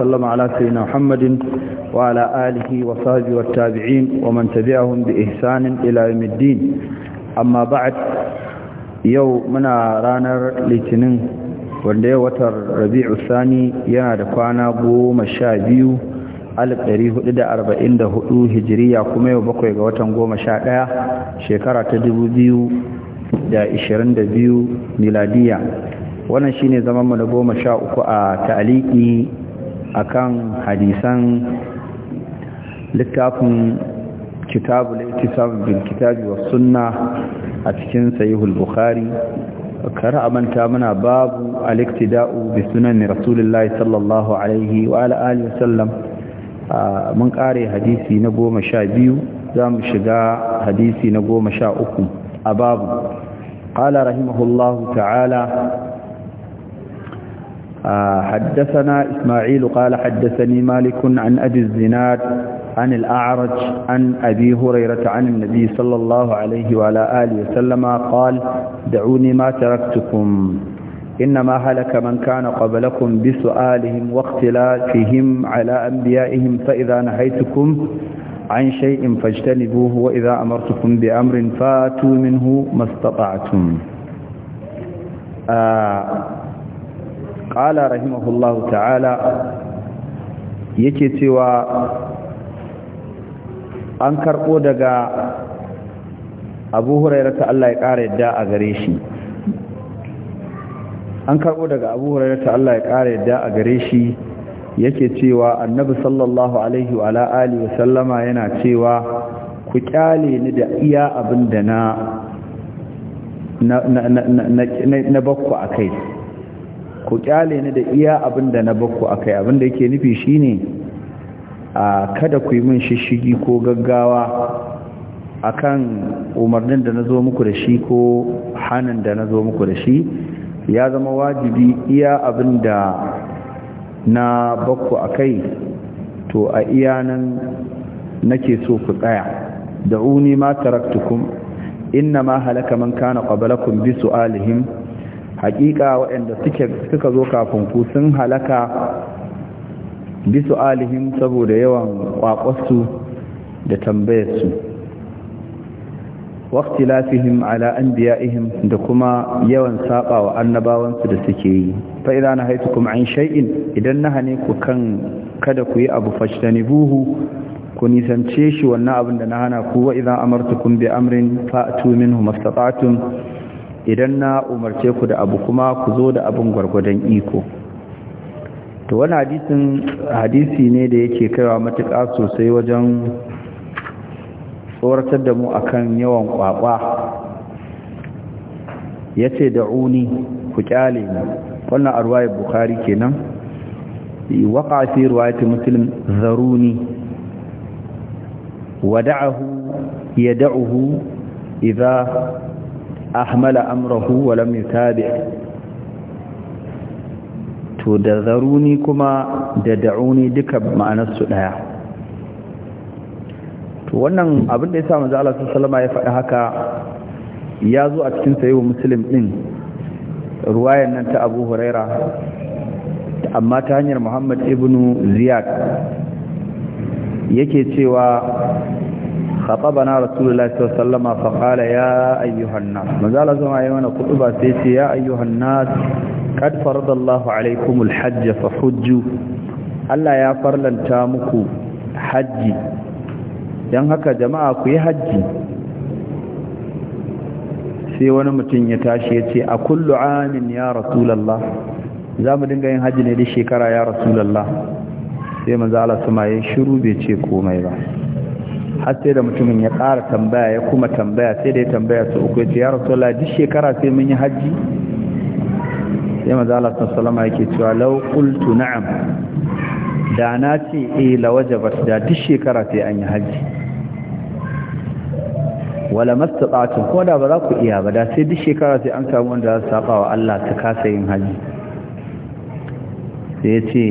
وسلم على سيدنا محمد وعلى آله وصحبه والتابعين ومن تبعهم بإحسان إلى يوم الدين أما بعد يوم منا رانر لتنين wanda ya watar rabi'u sani yana da kwana goma sha biyu alif ɗari hudu da arba'in da hudu hijiriya kuma yau bakwai ga watan goma sha ɗaya shekara ta dubu biyu da ishirin da biyu miladiya wannan shine zaman mu na goma sha uku a ta'aliki akan hadisan littafin kitabu al kitabi wa sunna a cikin sahihul bukhari kara manta muna babu aliktida'u iktidau bi sunan rasulullahi sallallahu alaihi wa ala alihi mun kare hadisi na 12 zamu shiga hadisi na goma 13 a babu ala rahimahullahu ta'ala آه، حدثنا إسماعيل قال حدثني مالك عن أبي الزناد عن الأعرج عن أبي هريرة عن النبي صلى الله عليه وعلى آله وسلم قال دعوني ما تركتكم إنما هلك من كان قبلكم بسؤالهم واختلافهم على أنبيائهم فإذا نهيتكم عن شيء فاجتنبوه وإذا أمرتكم بأمر فاتوا منه ما استطعتم آه ƙala rahimahullahu ta'ala yake cewa an karɓo daga abu hurairar ta Allah ya ƙara yadda a gare shi an daga abu ta Allah ya ƙara yadda a gare shi yake cewa annabi sallallahu alaihi wa alihi wa sallama yana cewa ku kyale ni da iya abinda na na na bakku a kai ku kyale ni da iya abin da na bakku akai abin da yake nufi shine a kada ku yi min shishigi ko gaggawa akan umarnin da na zo muku da shi ko hannun da na zo muku da shi ya zama wajibi iya abin da na bakku akai to a iya nan nake so ku tsaya da'uni ma taraktukum inna ma halaka man kana qablakum bi su'alihim hakika waɗanda suka zo kafin ku sun halaka bisu alihim saboda yawan kwakwasu da tambayarsu wakti lafihim ala an ihim da kuma yawan saba wa annabawansu da suke yi fa'ila na haitu kuma an shai'in idan na hane ku kan kada ku yi abu fashtani buhu ku nisance shi wannan abin da na hana ku wa idan amartukum bi amrin fa'atu minhu mastata'tum idan na umarce ku da abu kuma ku zo da abin gwargwadon iko to wani hadisin hadisi ne da yake kaiwa matuƙa sosai wajen tsoratar da mu akan yawan kwakwa ya ce da uni ku kyale ne wannan arwaye bukari kenan waka fi ruwayar muslim zaruni wada'ahu ya da'uhu idan. ahmala amrahu wa lam yutabi to da zaruni kuma da da'uni duka ma'anar su to wannan abin da yasa manzo Allah sallallahu alaihi ya faɗi haka ya zo a cikin sayyid muslim ɗin, ruwayan nan ta Abu Huraira amma ta hanyar Muhammad ibn Ziyad yake cewa خطبنا رسول الله صلى الله عليه وسلم فقال يا أيها الناس مازال زما يمنا خطبة سيتي يا أيها الناس قد Allah ya farlanta muku hajji don haka jama'a ku yi hajji sai wani mutum ya tashi ya ce a kullu amin ya rasulallah za dinga yin hajji ne da shekara ya rasulallah sai manzala sama ya shiru bai ce komai ba har sai da mutumin ya ƙara tambaya ya kuma tambaya sai da ya tambaya su uku ya rasuwa duk shekara sai mun yi hajji sai maza Allah salama yake cewa lau qultu na'am da na ce eh la ba da duk shekara sai an yi hajji wala mastata'tum ko da ba za ku iya ba da sai duk shekara sai an samu wanda za su saba wa Allah ta kasa yin hajji sai ya ce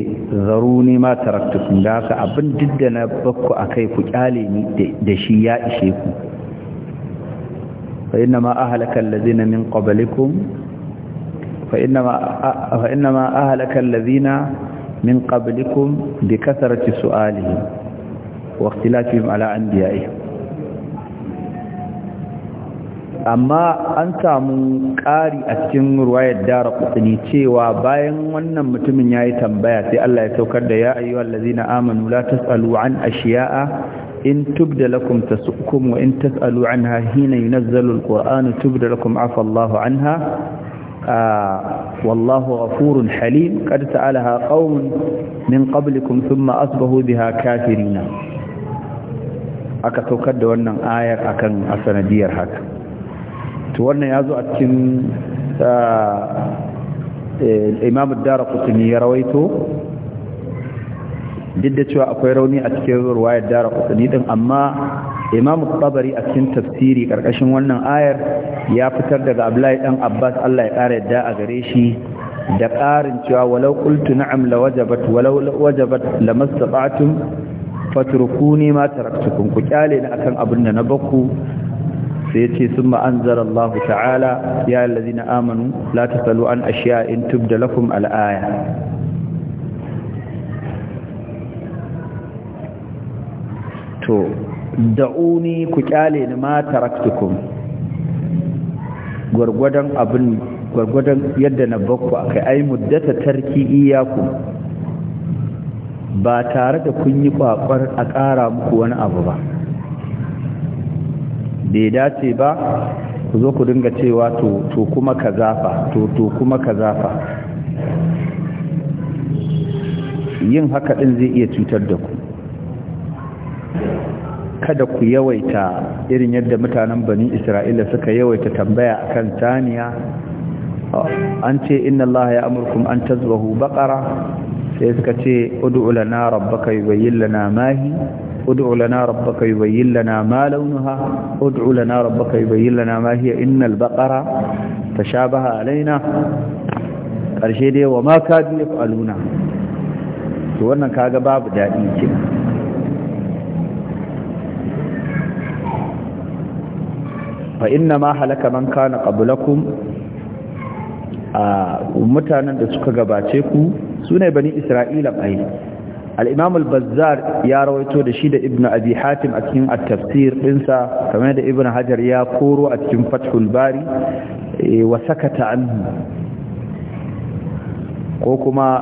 zaruni ma taraktukum da haka abin duk da na bakku a kai ku kyale ni da shi ya ishe ku fa inna ma ahlaka allazina min qablikum fa inna ma fa inna ma ahlaka allazina min qablikum bi kasrati su'alihim wa ikhtilafihim ala anbiya'ihim amma an samu ƙari a cikin ruwayar dara kutsini cewa bayan wannan mutumin ya yi tambaya sai Allah ya saukar da ya ayyuwa allazina amanu la tas'alu an ashiya'a in tubda lakum tasukum wa in tas'alu anha hina yunazzalu alqur'anu tubda lakum afa Allahu anha ah, wallahu ghafurun halim qad ta'alaha qaumun min qablikum thumma asbahu biha kafirina aka saukar da wannan ayar akan asanadiyar haka to wannan ya zo a cikin ah, eh, imam dara kutumi ya rawaito duk da cewa akwai rauni a cikin ruwayar dara kutumi din amma imam tabari a cikin tafsiri karkashin wannan ayar ya fitar daga abdullahi dan abbas allah ya kara yadda a gare shi da ƙarin cewa walau kultu na'am la wajabat walau wajabat lamastata'tum fatrukuni ma taraktukum ku kyale ni akan abin da na baku sai yace sun anzara Allah ta'ala ya na amanu lati salu an ashiya in tubda da lafin al'aya. to da'uni ku kyale ni ma taraktukun. Gwargwadon abin gwargwadon yadda na bakku kai ai muddata tarki iyaku ba tare da kun yi kwakwar a ƙara muku wani abu ba bai dace ba ku zo ku dinga cewa to kuma ka zafa to kuma ka zafa yin haka ɗin zai iya cutar da ku kada ku yawaita irin yadda mutanen bani isra'ila suka yawaita tambaya akan taniya an ce inna allaha ya amurkum an tazbahu baqara sai suka ce ud'u lana rabbaka yubayyin lana ma mahi. ادع لنا ربك يبين لنا ما لونها ادع لنا ربك يبين لنا ما هي إن البقرة تشابه علينا أرشيدي وما كادوا يفعلون وانا كاغا باب دائي كنا فإنما هلك من كان قبلكم mutanen da suka gabace ku su ne bani isra'ila ɓai al-imam al-bazzar ya rawaito da shi da ibn abi hatim a cikin at ɗinsa dinsa da ibnu hajar ya koro a cikin fathul bari eh, wa sakata anhu kuma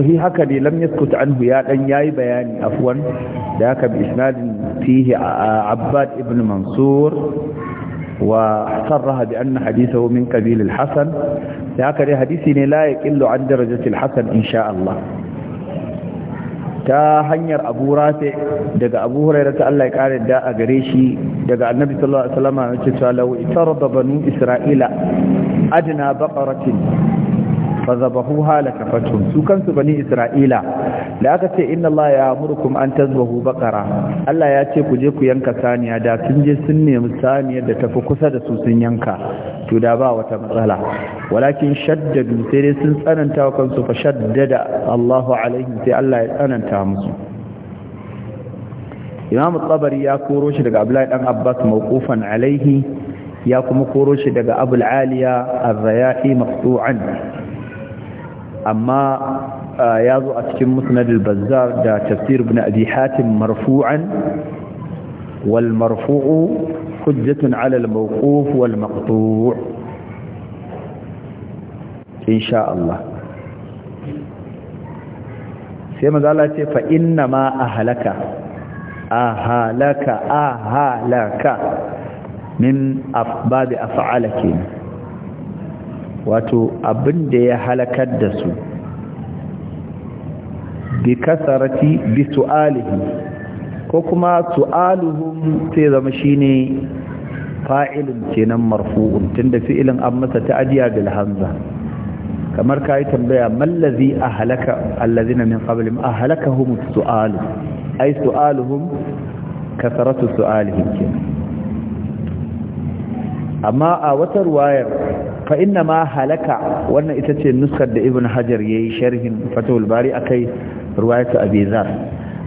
fi haka ne lam yaskut anhu ya dan yayi bayani afwan da haka bi isnadin fihi abbad ibnu mansur وصرها بأن حديثه من قبيل الحسن هكذا حديثي لا يقل عن درجة الحسن إن شاء الله ta hanyar abu rafi daga abu hurairar ta Allah ya kare da a gare shi daga annabi sallallahu alaihi wasallam ya ce cewa law itarda banu isra'ila adna baqaratin fa zabahu halaka fatu su kansu bani isra'ila da aka ce inna Allah ya amurkum an tazbahu baqara Allah ya ce ku je ku yanka saniya da sun je sun nemi saniyar da tafi kusa da su sun yanka to da ba wata matsala walakin shaddadu sai dai sun tsananta kansu fa shaddada Allahu alaihim sai Allah ya tsananta musu Imam Tabari ya koro shi daga Abdullahi dan Abbas mawqufan alaihi ya kuma koro shi daga Abul'aliya al-Aliya ar-Rayahi amma ya zo a cikin musnad al da tafsir bin abi hatim marfu'an wal marfu'u hujjatun ala al-mawquf wal maqtu' insha Allah sai mazala ce fa inna ma ahlaka ahalaka ahalaka min afbadi af'alaka wato abin da ya halakar da su bi kasarati bi su'alihi ko kuma su'aluhum sai zama shine fa'ilun kenan marfu'un tunda fi'ilin an masa ta'diya bil hamza kamar kai tambaya mallazi ahlaka allazina min qablihim ahlakahum su'alu ay su'aluhum kasaratu su'alihim kenan amma a wata ruwayar fa inna ma halaka wannan ita ce nuskar da ibn hajar yayi sharhin fatawul bari akai ruwayatu abi zar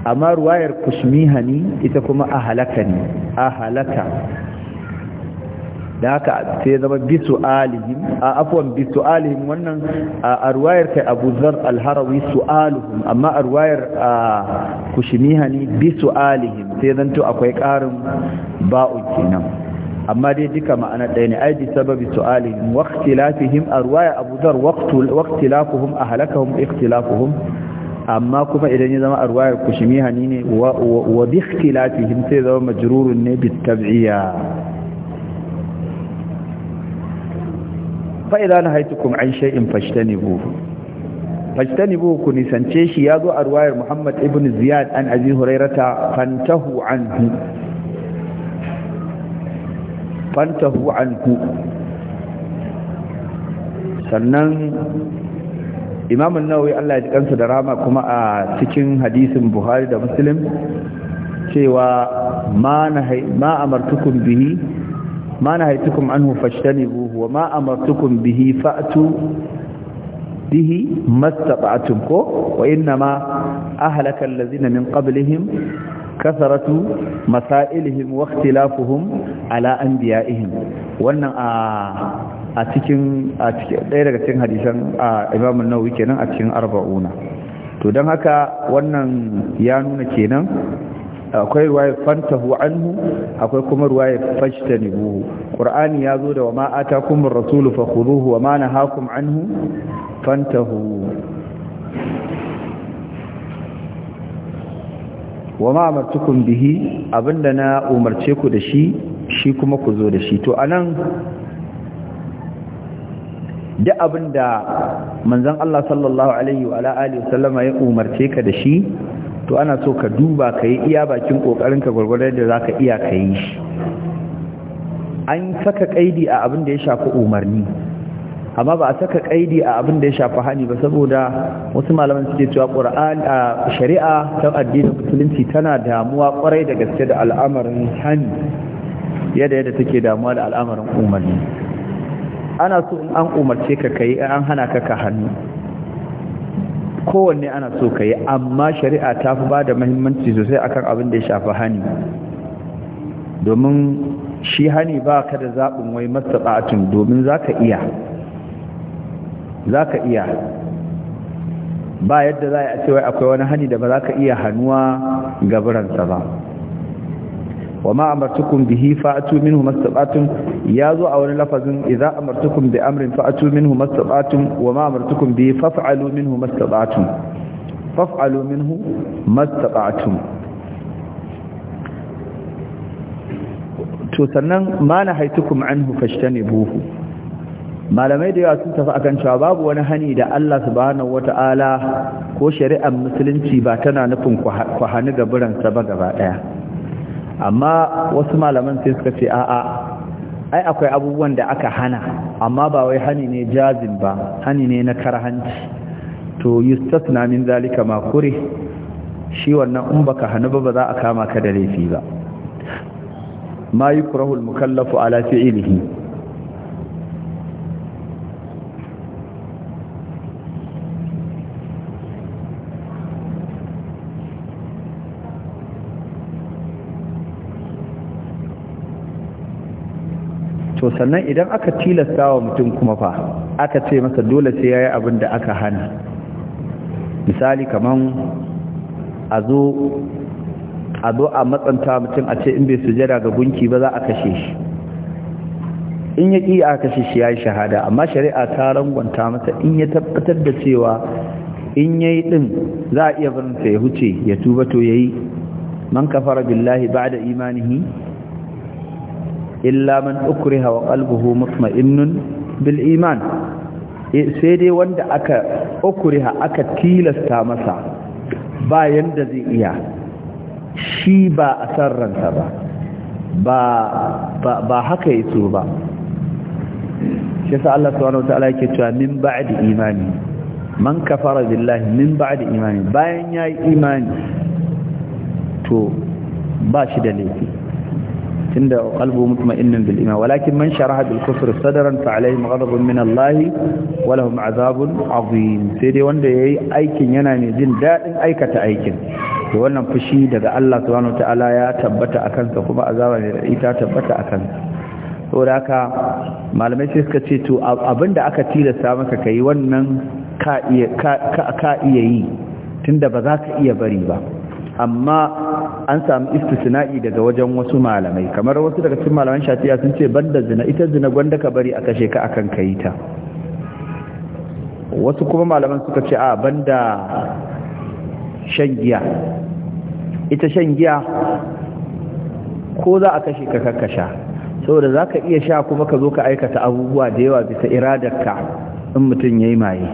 amma ruwayar kusmihani ita kuma a halaka ne a halaka da haka sai ya zama bisu alihim a afwan bisu alihim wannan a ruwayar kai abu zar alharawi su alihim amma a ruwayar kushimihani bisu alihim sai zanto akwai karin ba'u kenan amma dai duka ma'ana ɗaya ne aiji sababi su'alihim wa ikhtilafihim arwaya abu dhar wa ikhtilafuhum ahlakahum ikhtilafuhum amma kuma idan ya zama arwayar kushimi hani ne wa bi ikhtilafihim sai zama majrurun ne bi tab'iyya fa idan haytukum an shay'in fashtanibu fajtanibu ku nisance shi yazo a ruwayar Muhammad ibn Ziyad an Abi Hurairata fantahu anhu fantahu ku sannan imam an-nawawi Allah ya ji kansa da rama kuma a cikin hadisin buhari da muslim cewa ma nahay ma amartukum bihi ma nahaytukum anhu fashtanibu wa ma amartukum bihi fa'tu bihi mastata'tum ko wa inma ahlaka allazina min qablihim kasaratu masailihim wa ikhtilafuhum ala anbiya'ihim wannan a a cikin a cikin daga cikin hadisan Imam an-Nawawi kenan a cikin arba'una to dan haka wannan ya nuna kenan akwai ruwaya fantahu anhu akwai kuma ruwaya fajtanibu qur'ani zo da wa ma atakumur rasulu fakhuduhu ma nahakum anhu fantahu wa ma amartukum bihi abinda na umarce ku da shi shi kuma ku zo da shi to anan da abinda manzon Allah sallallahu alaihi wa alihi wasallama ya umarce ka da shi to ana so ka duba ka iya bakin kokarin ka gurgurar da zaka iya ka shi an saka kaidi a abinda ya shafi umarni amma ba a saka kaidi a abin da ya shafi hani ba saboda wasu malaman suke cewa qur'an a shari'a ta addinin musulunci tana damuwa kwarai da gaske da al'amarin hani yadda yadda take damuwa da al'amarin umarni ana so in an umarce ka kai an hana ka ka hannu kowanne ana so ka yi amma shari'a ta fi ba da mahimmanci sosai akan abin da ya shafi hani domin shi hani ba ka da zaɓin wai mastaɓatun domin za ka iya za ka iya ba yadda za a cewa akwai wani hani da ba za ka iya hannuwa gabaransa ba wa ma'amartukun bihi fa'atu minhu mastata'tum yazo a wani lafazin idza amartukum bi amrin fa'atu minhu mastata'tum wa ma amartukum bihi faf'alu minhu mastata'tum faf'alu minhu mastata'tum to sannan ma na nahaitukum anhu fashtanibuhu malamai da yawa sun tafi a kan cewa babu wani hani da Allah subhanahu wata'ala ko shari'ar musulunci ba tana nufin kwahani ga biransa ba gaba ɗaya, amma wasu malaman sai suka ce a'a ai akwai abubuwan da aka hana amma ba wai hani ne jazim ba hani ne na karhanci to yustasna min zalika ma kure shi wannan in baka hanu ba ba za a kama ka da laifi ba ma yukrahu al-mukallafu ala fi'lihi sannan idan aka tilasta wa mutum kuma fa aka ce masa dole sai yayi yi abin da aka hana misali kaman a zo a zo matsanta mutum a ce in bai sujada ga gunki ba za a kashe shi in ya ƙi aka kashe shi ya shahada amma shari'a ta rangwanta masa in ya tabbatar da cewa in ya yi ɗin za a iya barinsa ya huce ya tuba to yayi yi man kafara billahi bada da imanihi illa man ukriha wa qalbuhu mutma'innun bil iman eh, sai dai wanda aka ukriha aka tilasta masa ba yanda zai iya shi ba a sarransa ba ba ya haka yaso ba shi sa Allah subhanahu wataala yake cewa min ba'd imani man kafara billahi min ba'd imani bayan yayi imani to ba shi da laifi tunda qalbu mutma'innun bil iman walakin man sharaha bil kufr sadran fa alayhi ghadabun min Allah wa lahum azabun azim sai dai wanda yayi aikin yana ne jin dadin aikata aikin to wannan fushi daga Allah subhanahu wataala ya tabbata akan sa kuma azaba ne ita tabbata akan saboda haka malamai sai suka ce to abinda aka tilasta maka kai wannan ka iya ka iya yi tunda ba za ka iya bari ba amma an samu istisna'i daga wajen wasu malamai kamar wasu daga cikin malaman shafi'a sun ce banda zina ita zina gwanda ka bari a kashe ka akan kai ta wasu kuma malaman suka ce a banda shan giya ita shan giya ko za a kashe ka kakkasha saboda za ka iya sha kuma ka zo ka aikata abubuwa da yawa bisa iradarka in mutum ya yi maye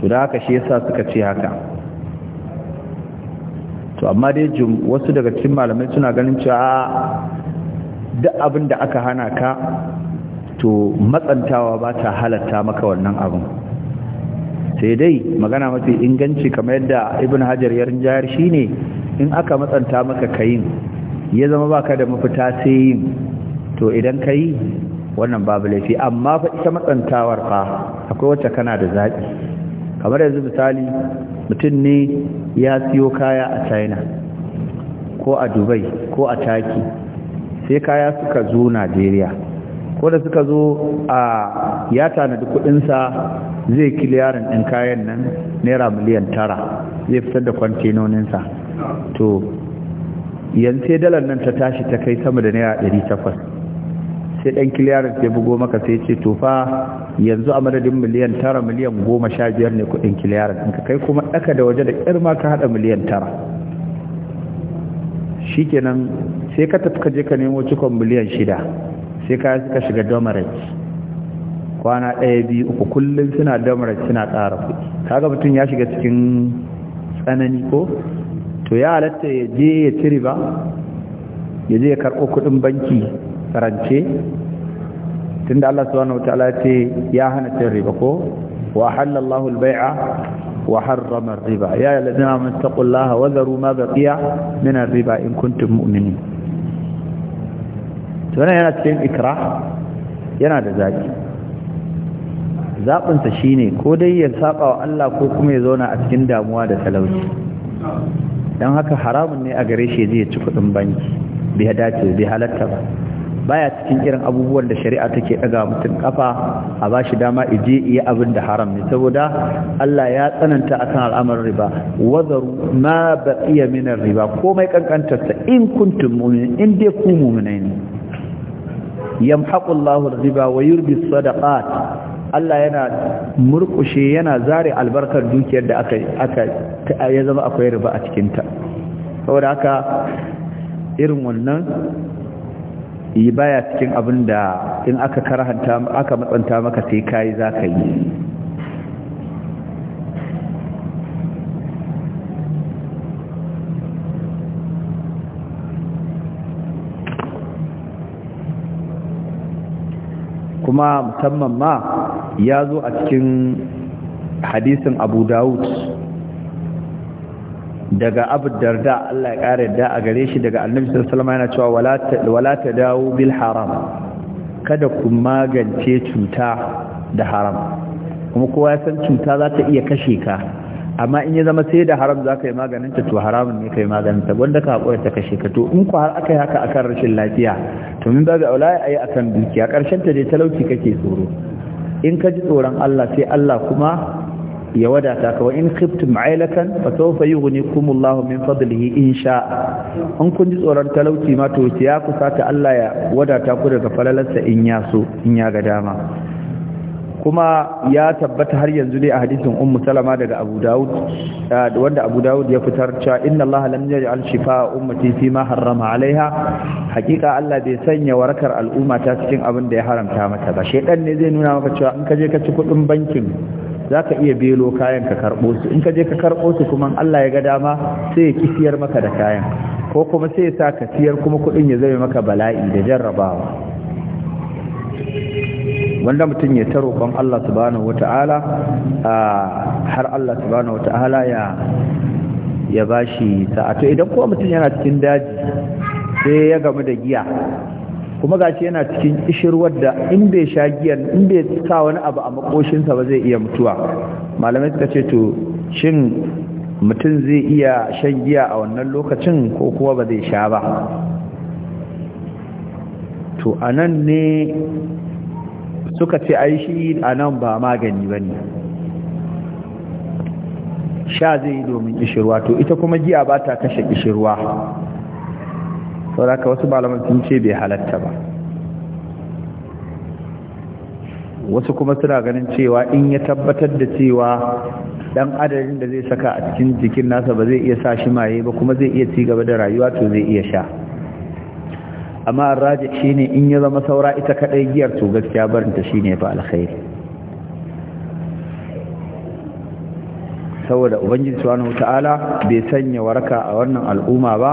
to da haka shi yasa suka ce haka to amma dai wasu daga cikin malamai suna ganin cewa duk abin da aka hana ka to matsantawa ba ta halatta maka wannan abin sai dai magana mafi inganci kamar yadda ibn hajar ya shi ne in aka matsanta maka kayin ya zama ba ka da mafita sai yin to idan kayi wannan babu laifi amma fa ita matsantawar fa akwai wacce kana da zaɓi kamar yanzu misali mutum ne ya siyo kaya a china ko a dubai ko a taki sai kaya suka zo Nigeria, ko da suka zo a ya tanadi kudinsa zai kiliyarin ɗin kayan nan naira miliyan tara zai fitar da kwantenoninsa to yanzu sai dalar nan ta tashi ta kai sama da naira 800 sai dan clearance ya bugo maka sai ce to yanzu a madadin miliyan tara miliyan goma sha biyar ne kudin clearance ka kai kuma daka da waje da ma ka hada miliyan tara shikenan sai ka tafi ka je ka nemo cikon miliyan shida sai ka suka shiga domarage kwana ɗaya biyu uku kullum suna domarage suna ƙara kuɗi kaga mutum ya shiga cikin tsanani ko to ya halatta ya je ya ci riba ya je ya karɓo kuɗin banki karance tunda Allah subhanahu wataala ce ya hana cin riba ko wa halallahu al-bai'a wa harrama riba ya ayyuhallazina amanu taqullaha wa dharu ma baqiya min ar-riba in kuntum mu'minin to yana cikin ikra yana da zaki zabin sa shine ko dai ya saba wa Allah ko kuma ya zauna a cikin damuwa da talauci dan haka haramun ne a gare shi zai ci kudin banki bai dace bai halatta ba baya cikin irin abubuwan da shari'a take daga mutum kafa a bashi dama ije iya abin da haram ne saboda Allah ya tsananta akan al'amarin riba wazaru ma baqiya min riba komai kankantar ta in kuntum mu'minin in dai ku mu'minai ne yamhaqu Allahu riba wa yurbi sadaqat Allah yana murkushe yana zare albarkar dukiyar da aka aka ya zama akwai riba a cikin ta saboda haka irin wannan yi baya cikin abin da in aka karahanta aka matsanta maka sai kayi za ka yi kuma musamman ma ya zo a cikin hadisin abu dawud daga abu darda Allah ya kare da a gare shi daga annabi sallallahu alaihi yana cewa wala ta dawo bil haram kada ku magance cuta da haram kuma kowa ya san cuta za ta iya kashe ka amma in ya zama sai da haram za ka yi maganinta to haramun ne kai yi ta wanda ka haƙura ta kashe ka to in ku har aka yi haka akan rashin lafiya to min ga aula ya yi akan dukiya ƙarshen ta dai talauci kake tsoro in ka ji tsoron Allah sai Allah kuma ya wadata ka wa in khiftum ailatan fa sawfa yughnikum Allahu min fadlihi in sha'a an kun ji tsoron talauci ma to ya kusa ta Allah ya wadata ku daga falalarsa in ya so in ya ga dama kuma ya tabbata har yanzu dai a hadisin ummu salama daga abu daud wanda abu daud ya fitar cewa inna Allah lam yaj'al shifa ummati fi ma harrama alaiha hakika Allah bai sanya warakar al'umma ta cikin abin da ya haramta mata ba shedan ne zai nuna maka cewa in ka je ka ci kudin bankin za ka iya belo kayan ka karɓo su in ka je ka karɓo su kuma Allah ya ga dama sai ya kisiyar maka da kayan ko kuma sai ya sa ka siyar kuma kuɗin ya zame maka bala'i da jarrabawa wanda mutum ya taro kan Allah subhanahu wata'ala har Allah subhanahu wata'ala ya ya bashi sa'a to idan kuma mutum yana cikin daji sai ya gamu da giya kuma gashi yana cikin kishirwar da in bai sha giyan in bai sa wani abu a makoshinsa ba zai iya mutuwa malamai suka ce to shin mutum zai iya shan giya a wannan lokacin ko kuwa ba zai sha ba to a nan ne suka ce ai shi a nan ba magani ba ne sha zai yi domin kishirwa to ita kuma giya ba ta kashe kishirwa ka wasu malaman sun ce bai halatta ba wasu kuma suna ganin cewa in ya tabbatar da cewa dan adadin da zai saka a cikin jikin nasa ba zai iya sa shi maye ba kuma zai iya ci gaba da rayuwa to zai iya sha amma raji ne in ya zama saura ita kadai giyar to gaskiya barinta ne ba alkhairi saboda ubangiji subhanahu ta'ala bai sanya waraka a wannan al'umma ba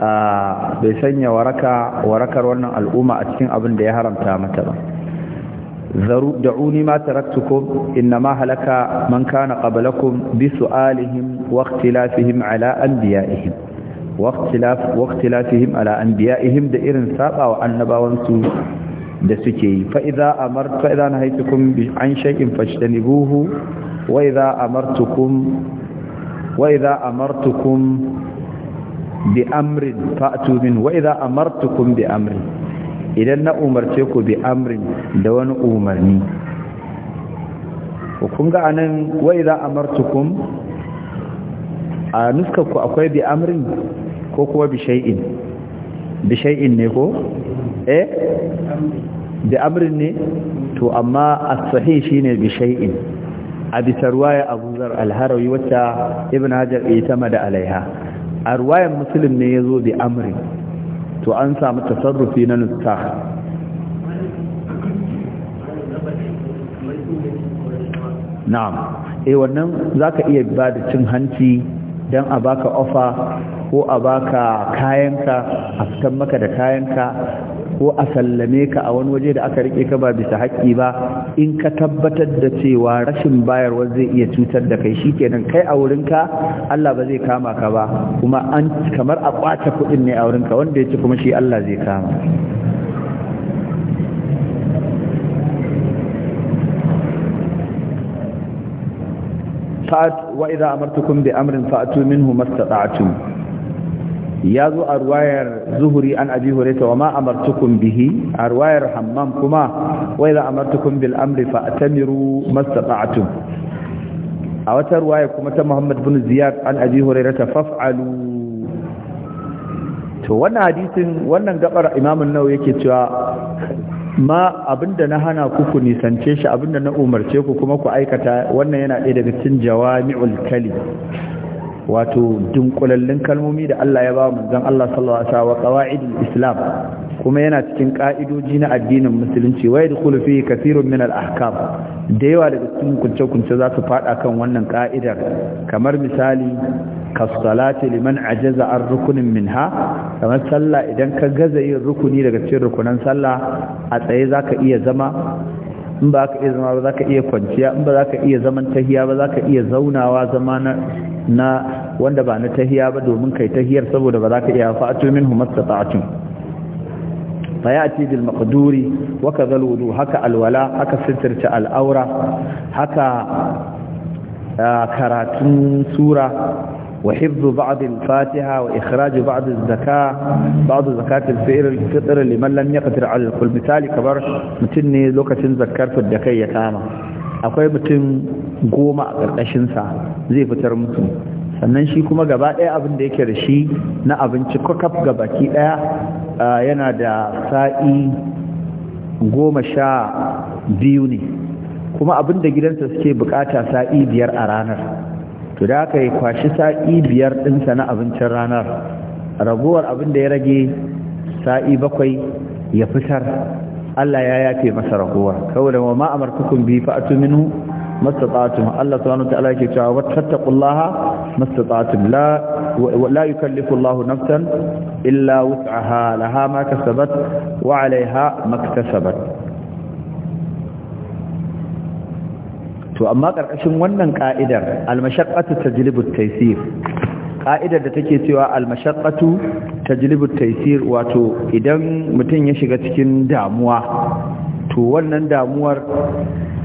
bai sanya waraka warakar wannan al'umma a cikin abin da ya haramta mata ba zaru da'uni ma taraktukum ma halaka man kana qablakum bi su'alihim wa ikhtilafihim ala anbiya'ihim wa ikhtilaf wa ikhtilafihim ala anbiya'ihim da irin saba wa annabawansu da suke yi fa idza amartu idza nahaytukum an shay'in fajtanibuhu wa idza amartukum wa idza amartukum bi amrin fa'tu min wa idza amartukum bi amrin idan na umarce ku bi amrin da wani umarni kun ga anan wa idza amartukum a nuska ku akwai bi amrin ko kuwa bi shay'in bi shay'in ne ko eh bi amrin ne to amma as-sahih shine bi shay'in a bisa ruwaya Abu Zar al-Harawi wacce Ibn Hajar ya da alaiha a ruwayan musulun ne ya zo da amri to an samu tasarrufi na nuskah na'am eh wannan za ka iya ba da cin hanci don a baka ofa ko a baka kayanka a fitan maka da kayanka ko a sallame ka a wani waje da aka rike ka ba bisa haƙƙi ba in ka tabbatar da cewa rashin bayarwa zai iya cutar da kai shikenan kai a wurinka Allah ba zai kama ka ba kuma an kamar a ƙwace kuɗin ne a wurinka wanda ya ci kuma shi Allah zai kama wa idza amartukum bi amrin منه minhu mastata'tum ya zo a ruwayar zuhuri an abi ta wa ma amartukum bihi a ruwayar hammam kuma wa idza amartukum bil amri fa'tamiru mastata'tum a wata ruwaya kuma ta Muhammad bin Ziyad an abi hurairah faf'alu to wannan hadisin wannan gabar Imam nau yake cewa ma abinda na hana ku ku nisance shi abinda na umarce ku kuma ku aikata wannan yana ɗaya daga cikin jawami'ul kalim wato dunkulallun kalmomi da Allah ya ba manzon Allah sallallahu alaihi wa qawaidul islam kuma yana cikin ka'idoji na addinin musulunci wa yadkhulu fihi kathirun min al-ahkam da yawa daga cikin kunce kunce za su fada kan wannan ka'idar kamar misali kasalati liman ajaza an rukunin minha kamar sallah idan ka gaza yin rukuni daga cikin rukunan sallah a tsaye zaka iya zama in ba ka iya zama ba za ka iya kwanciya in ba za ka iya zaman tahiya ba za ka iya zaunawa zama na wanda ba na tahiya ba domin kai tahiyar saboda ba za ka iya fa'atu minhu mastata'atun fa ya'ti bil maqduri wa kadha al wudu haka alwala haka sitirta al aura haka ah, karatun sura وحفظ بعض الفاتحة وإخراج بعض الزكاة بعض زكاة الفئر الفطر لمن لم يقدر على الكل مثالي كبر متني لوكة ذكرت الدكية تاما akwai mutum goma a ƙarƙashinsa zai fitar mutum sannan shi kuma gaba ɗaya abin da yake da shi na abinci kwakaf baki ɗaya yana da sa'i goma sha biyu ne kuma abin da gidansa suke bukata sa'i biyar a ranar to da aka yi kwashi sa'i biyar ɗinsa na abincin ranar raguwar abin da ya rage sa'i bakwai ya fitar Allah ya yafe masa raguwar kawai da ma amartukum bi fa'atu minhu mastata'tum Allah subhanahu wa ta'ala yake cewa wattaqullaha mastata'tum la la yukallifu Allahu nafsan illa wus'aha laha ma kasabat wa 'alayha ma to amma ƙarƙashin wannan ƙa'idar almashakatu ta jilibu taisir ƙa'idar da take cewa almashakatu ta jilibu taisir wato idan mutum ya shiga cikin damuwa to wannan damuwar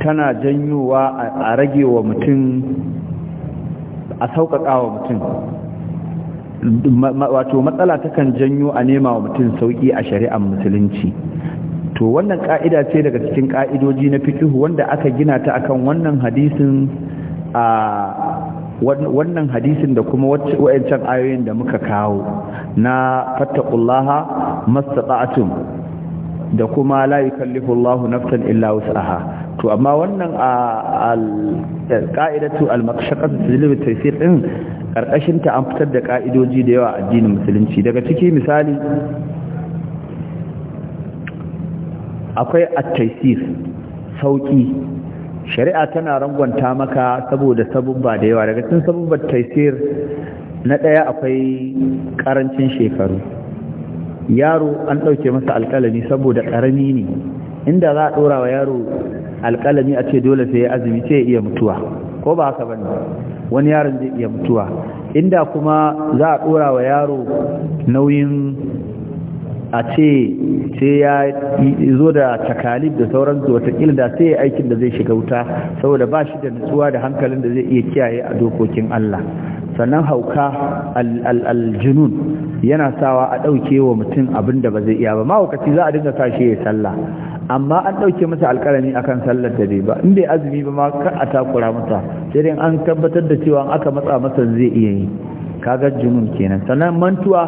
tana janyowa a rage wa mutum a sauƙaƙa wa mutum wato matsala takan janyo a nema wa mutum sauƙi a shari'ar musulunci to wannan ka'ida ce daga cikin ka'idoji na fiqh wanda aka gina ta akan wannan hadisin a wannan hadisin da kuma wayancan ayoyin da muka kawo na fattaqullaha mastata'tum da kuma la yukallifu Allahu nafsan illa wus'aha to amma wannan al-qa'idatu al-maqshaqatu tadlib at-taysir an fitar da ka'idoji da yawa addinin musulunci daga ciki misali akwai at sauƙi. shari'a tana rangwanta maka saboda sabubba da yawa daga cikin sabubbar taisir na ɗaya akwai ƙarancin shekaru yaro an dauke masa alƙalami saboda ƙarami ne inda za a dora wa yaro alƙalami a ce dole sai ya azumi sai ya iya mutuwa ko ba haka bane wani yaron zai iya mutuwa inda kuma za a ɗora wa yaro nauyin a ce sai ya zo da takalib da sauransu watakila da sai ya aikin da zai shiga wuta saboda ba shi da nutsuwa da hankalin da zai iya kiyaye a dokokin Allah sannan hauka aljunun yana sawa a ɗauke wa mutum abin da ba zai iya ba mahaukaci za a dinga shi ya sallah amma an ɗauke masa alƙalami akan sallar da bai ba in bai azumi ba ma ka a takura masa sai dai an tabbatar da cewa aka matsa masa zai iya yi kaga junun kenan sannan mantuwa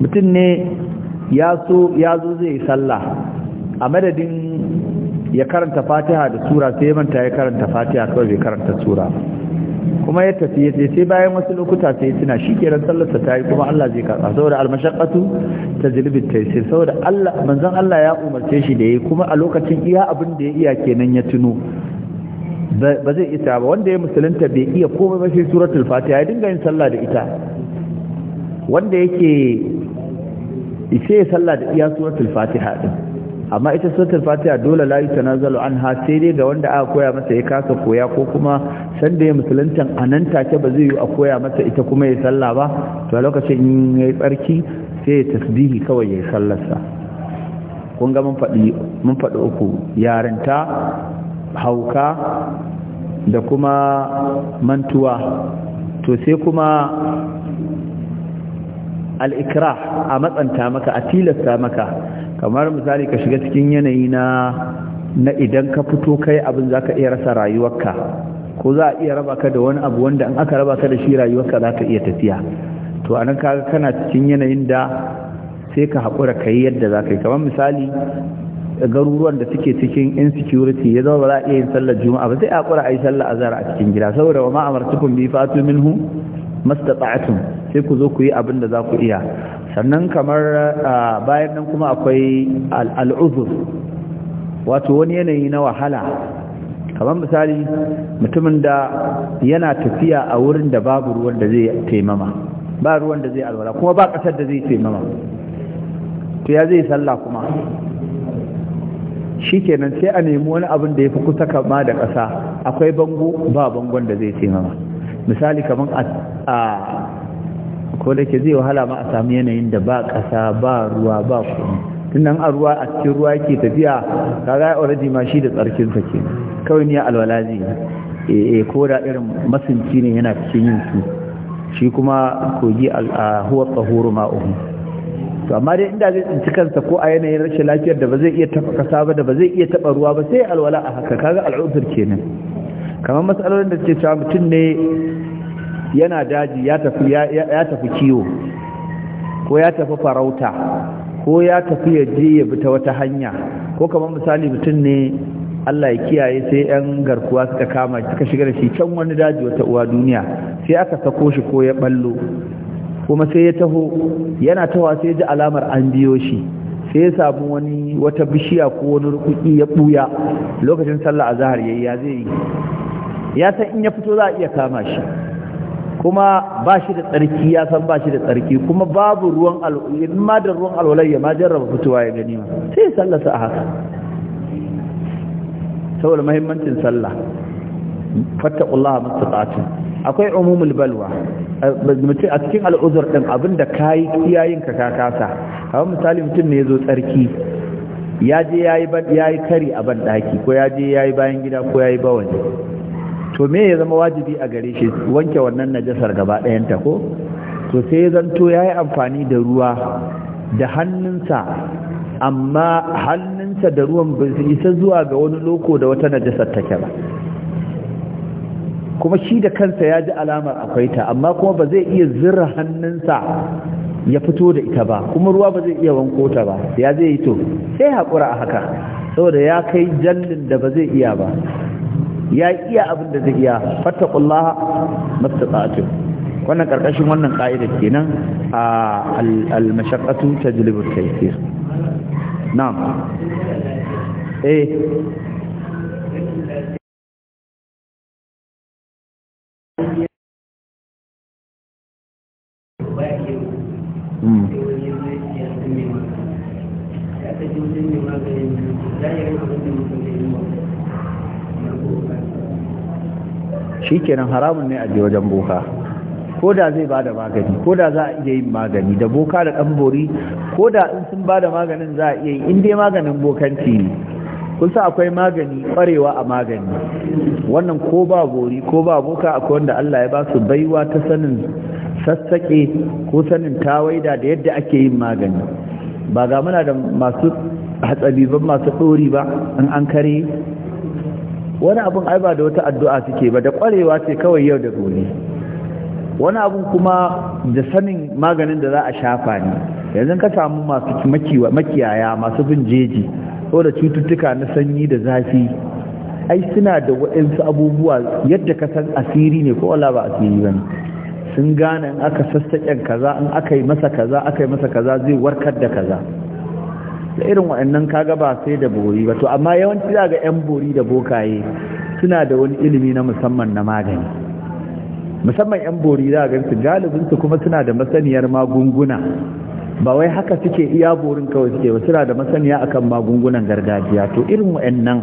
mutum ne ya zo zai yi sallah a madadin ya karanta fatiha da tura sai manta ya karanta fatiha kawai bai karanta sura kuma ya tafi ya ce sai bayan wasu lokuta sai tuna shi ke sallarsa ta yi kuma Allah zai karɓa saboda ta ta yi sai saboda manzan Allah ya umarce shi da yi kuma a lokacin iya abin da ya iya kenan ya tuno ba zai isa ba wanda ya musulunta bai iya komai ba sai suratul fatiha ya dinga yin sallah da ita wanda yake ita ya salla da iya suratul fatiha din amma ita suratul fatiha dole la yutanazzalu anha sai dai ga wanda aka koya masa ya kasa koya ko kuma san da ya musuluntan anan take ba zai yi a koya masa ita kuma ya sallah ba to lokacin yayi tsarki sai ya tasbihi kawai ya sallarsa kun mun faɗi uku yarinta hauka da kuma mantuwa to sai kuma Al'ikira a matsanta maka a tilasta maka kamar misali ka shiga cikin yanayi na idan ka fito kai abin za ka iya rasa rayuwarka ko za a iya raba ka da wani abu wanda in aka raba ka da shi rayuwarka za ka iya tafiya to a nan kaga kana cikin yanayin da sai ka haƙura ka yi yadda za ka yi kamar misali garuruwan da suke cikin insecurity ya zama ba za a iya yin sallar juma'a ba sai a haƙura a yi sallar azara a cikin gida saboda wa ma'amartukun tukun bi fatu minhu mastata'atun sai ku zo ku yi abin da za ku iya sannan kamar bayan nan kuma akwai al'uzur wato wani yanayi na wahala kamar misali mutumin da yana tafiya a wurin da babu ruwan da zai taimama ba ruwan da zai alwala kuma ba ƙasar da zai taimama to ya zai sallah kuma shi kenan sai a nemi wani abin da ya fi kusa kama da ƙasa akwai bango ba bangon da zai taimama misali kamar a ko ke zai wahala ma a sami yanayin da ba ƙasa ba ruwa ba kuma tunan a ruwa a cikin ruwa yake tafiya kaga ya already ma shi da tsarkin sa ke kawai ne alwala zai eh, eh ko da irin masunci ne yana cikin yin su shi kuma kogi a huwa ma ma'uhu to amma dai inda zai tsinci kansa ko a yanayin rashin lafiyar da ba zai iya taɓa ƙasa ba da ba zai iya taba ruwa ba sai alwala a haka kaga al'udur kenan kamar matsalolin da suke cewa mutum ne yana daji ya tafi kiwo ko ya tafi farauta ko ya tafi yaje ya bi ta wata hanya ko kamar misali mutum ne Allah ya kiyaye sai yan garkuwa suka kama suka shiga da shi can wani daji wata uwa duniya sai aka sako shi ko ya ballo kuma sai ya taho yana tawa sai ya ji alamar an biyo shi sai ya samu wani wata bishiya ko wani rukuki ya buya lokacin sallah azhar yayi ya zai yi ya san in ya fito za a iya kama shi kuma ba shi da tsarki ya san ba shi da tsarki kuma babu ruwan alwalai ma da ruwan alwalai ya ma jarraba fitowa ya gani ma sai sallasa a haka saboda muhimmancin sallah fattaqullaha mustata'tu akwai umumul balwa mutum a cikin al'uzur din abinda kai kiyayin ka kasa kawai misali mutum ne ya zo tsarki ya je ya yi kari a banɗaki, ko ya je ya yi bayan gida ko ya yi bawan to me ya zama wajibi a gare shi wanke wannan najasar gaba ɗayanta ko to sai ya zanto ya yi amfani da ruwa da hannunsa amma hannunsa da ruwan ba su isa zuwa ga wani loko da wata najasar take ba kuma shi da kansa ya ji alamar akwai ta amma kuma ba zai iya zira hannunsa ya fito da ita ba kuma ruwa ba zai iya wanko ta ba ya zai yi to sai haƙura a haka saboda ya kai jallin da ba zai iya ba ya iya abin da zai iya fattakullaha mastata'atu wannan karkashin wannan ka'idar kenan a al-mashaqqatu tajlibu at ke na'am eh shi kenan haramun ne a je wajen boka ko da zai ba da magani ko da za a iya yin magani da boka da ɗan bori ko da in sun ba da maganin za a iya yi in ya maganin bokanci ne kusa akwai magani ƙwarewa a magani wannan ko ba bori ko ba boka akwai wanda allah ya ba su baiwa ta sanin sassaƙe ko sanin tawaida da yadda ake yin magani ba ga muna da masu hatsari ba masu ɗori ba in an kare wani abin ai ba da wata addu'a suke ba da ƙwarewa ce kawai yau da gobe wani abin kuma da sanin maganin da za a shafa ne yanzu ka samu masu makiyaya masu bin jeji ko da cututtuka na sanyi da zafi ai suna da waɗansu abubuwa yadda ka san asiri ne ko wala ba asiri ba ne sun gane in aka sassaƙen kaza in aka yi masa kaza aka yi masa kaza zai warkar da kaza da irin waɗannan kaga ba sai da bori ba to amma yawanci za ga 'yan bori da bokaye suna da wani ilimi na musamman na magani musamman 'yan bori za ga su galibinsu kuma suna da masaniyar magunguna ba wai haka suke iya borin kawai suke ba suna da masaniya akan magungunan gargajiya to irin waɗannan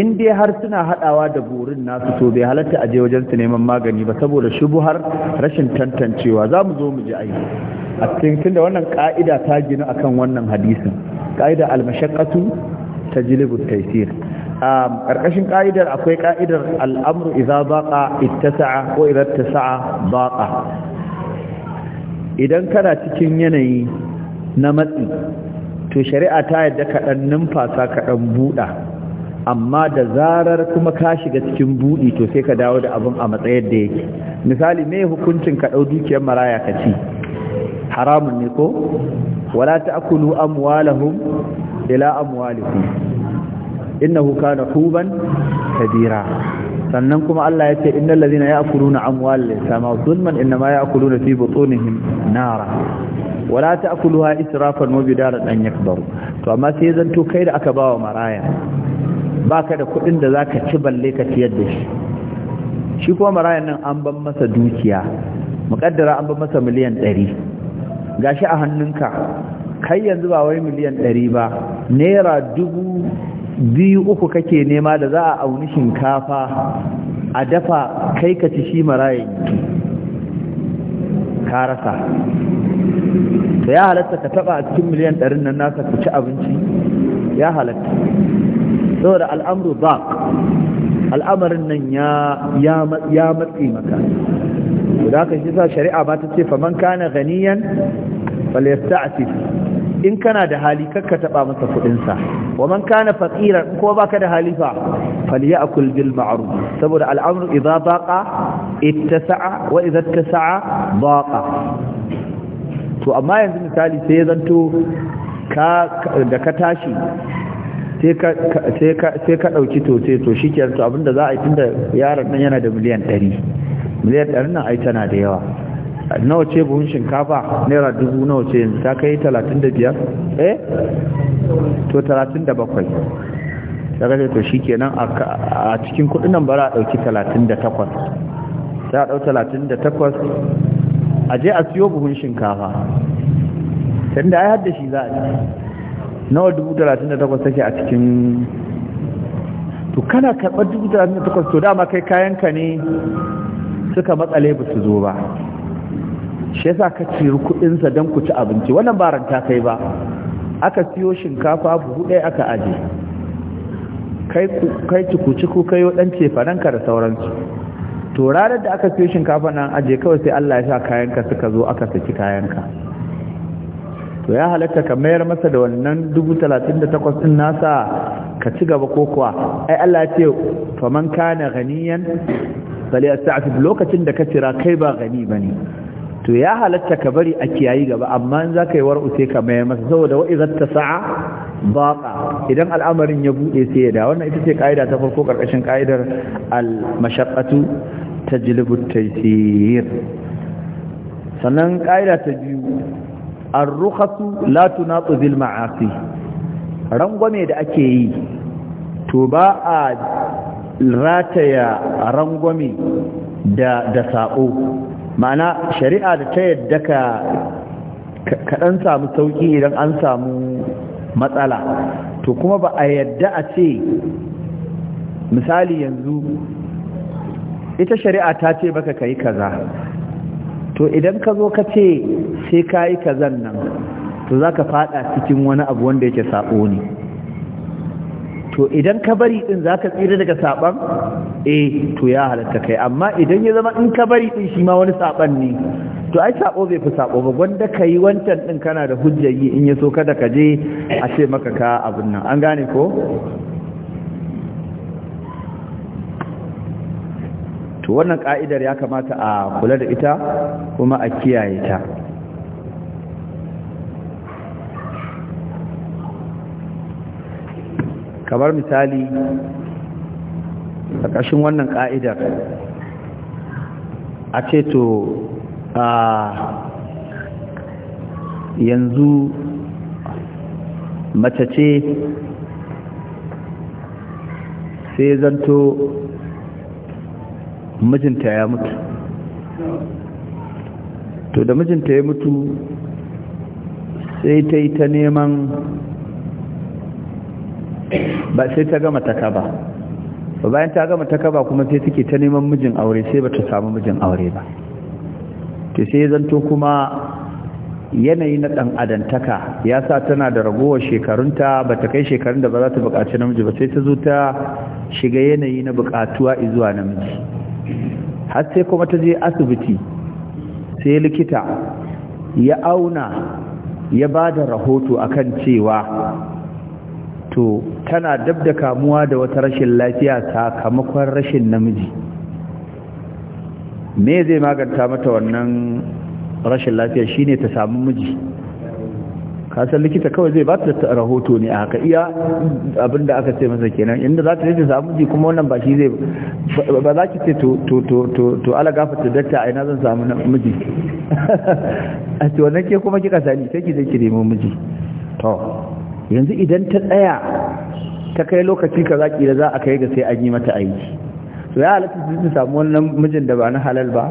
in dai har suna hadawa da burin nasu to bai halatta aje wajen su neman magani ba saboda shubuhar rashin tantancewa za mu zo mu ji aiki a cikin tunda wannan ka'ida ta gina akan wannan hadisin ka'ida al-mashaqqatu tajlibu at-taysir karkashin ka'idar akwai ƙa'idar al-amru, idza baƙa ittasa'a ko idan tasa'a baƙa idan kana cikin yanayi na matsi to shari'a ta yadda kaɗan numfasa kaɗan buɗa amma da zarar kuma ka shiga cikin buɗi to sai ka dawo da abin a matsayar da yake misali me hukuncin ka ɗau dukiyar maraya ka ci haramun ne ko wala ta ta'kulu amwalahum ila amwalikum innahu kana huban kabira sannan kuma Allah ya ce innal ladhina ya'kuluna amwalal yatama zulman inma ya'kuluna fi butunihim nara wala ta ta'kuluha israfan wa bidaran an yakbaru to amma sai zan to kai da aka bawa maraya baka da kuɗin da za ka ci balle ka ciyar da shi shi kuma marayan nan an ban masa dukiya mukaddara an ban masa miliyan ɗari gashi a hannunka kai yanzu ba wai miliyan ɗari ba naira dubu biyu uku kake nema da za a auni shinkafa a dafa kai ka ci shi marayan ka rasa ya halatta ka taba a cikin miliyan ɗarin nan naka ku ci abinci ya halatta saboda al'amru ba al'amarin nan ya matsi maka guda ka shi sa shari'a ba ta ce faman kana ganiyan falyasta'tif in kana da hali kakka taba masa kudinsa sa wa man kana faqiran ko baka da halifa a bil ma'ruf saboda al'amru idza baqa ittasa'a wa idza ittasa'a baqa to amma yanzu misali sai zanto ka da ka tashi sai ka ɗauki tote to shi ke to abinda za a yi tunda yaron nan yana da miliyan ɗari miliyan ɗari nan ai tana da yawa nawa ce buhun shinkafa naira dubu nawa ce yanzu ta kai talatin da biyar eh to talatin da bakwai ta gaje to shi kenan a cikin kudin nan bara a ɗauki talatin takwas sai a ɗau talatin da takwas a je a siyo buhun shinkafa tunda ai haddashi za a nawa dubu talatin da takwas take a cikin to kana karɓar dubu talatin da takwas to dama kai kayanka ne suka matsale ba su zo ba shi yasa ka ciri kuɗinsa don ku ci abinci wannan ba ta kai ba aka siyo shinkafa buhu ɗaya aka aje kai ciku-ciku kai ɗan cefananka da sauransu to ranar da aka siyo shinkafa nan aje kawai sai Allah ya sa kayanka suka zo aka saki kayanka to ya halatta ka mayar masa da wannan 38,000 din nasa ka ci gaba ko kuwa ai Allah ya ce man kana ganiyan bali yasta'fif lokacin da ka cira kai ba gani ba ne. to ya halatta ka bari a kiyayi gaba amma in zaka yi war'u sai ka mayar masa saboda wa ta sa'a baqa idan al'amarin ya buɗe sai ya da wannan ita ce kaida ta farko karkashin kaidar al-mashaqqatu tajlibu at-taysir sannan kaida ta biyu ar la tunatu bil ma'asi rangwame da ake yi to ba a rataya rangwame da da sabo ma'ana shari'a da ta yadda ka kaɗan samu sauƙi idan an samu matsala to kuma ba a yadda a ce misali yanzu ita shari'a ta ce baka ka yi kaza to idan ka zo ka ce sai ka yi kazan nan to za ka fada cikin wani abu wanda yake sabo ne to idan ka bari din za ka tsira daga saban eh to ya halatta kai amma idan ya zama in ka bari din shi ma wani saban ne to ai sabo bai fi sabo ba wanda ka yi wancan din kana da hujjaji in ya so kada ka je a ce maka ka abin nan an gane ko to wannan ka'idar ya kamata a kula da ita kuma a kiyaye ta kamar misali a ƙashin wannan ka'idar a ce to a yanzu mace ce sai zanto mijinta ya mutu to da mijinta ya mutu sai ta yi ta neman ba sai ta gama taka ba bayan ta gama taka ba kuma sai suke ta neman mijin aure sai ba ta samu mijin aure ba to sai zanto kuma yanayi na ɗan adantaka ya sa tana da ragowar shekarunta ba ta kai shekarun da ba za ta buƙaci namiji ba sai ta zo ta shiga yanayi na buƙatuwa izuwa namiji har sai kuma ta je asibiti sai likita ya auna ya ba da rahoto a kan cewa to tana dab da kamuwa da wata rashin lafiya sakamakon rashin namiji me zai maganta mata wannan rashin lafiya shine ta samu miji kasar likita kawai zai ba ta rahoto ne a haka iya abinda aka ce masa kenan inda za ta rage samu ji kuma wannan ba shi zai ba za ki ce to ala gafata datta a ina zan samu miji a ce wannan ke kuma kika sani sai ki zai ki nemo miji to yanzu idan ta tsaya ta kai lokaci ka za ki da za a kai ga sai an yi mata aiki to ya halatta su samu wannan mijin da ba na halal ba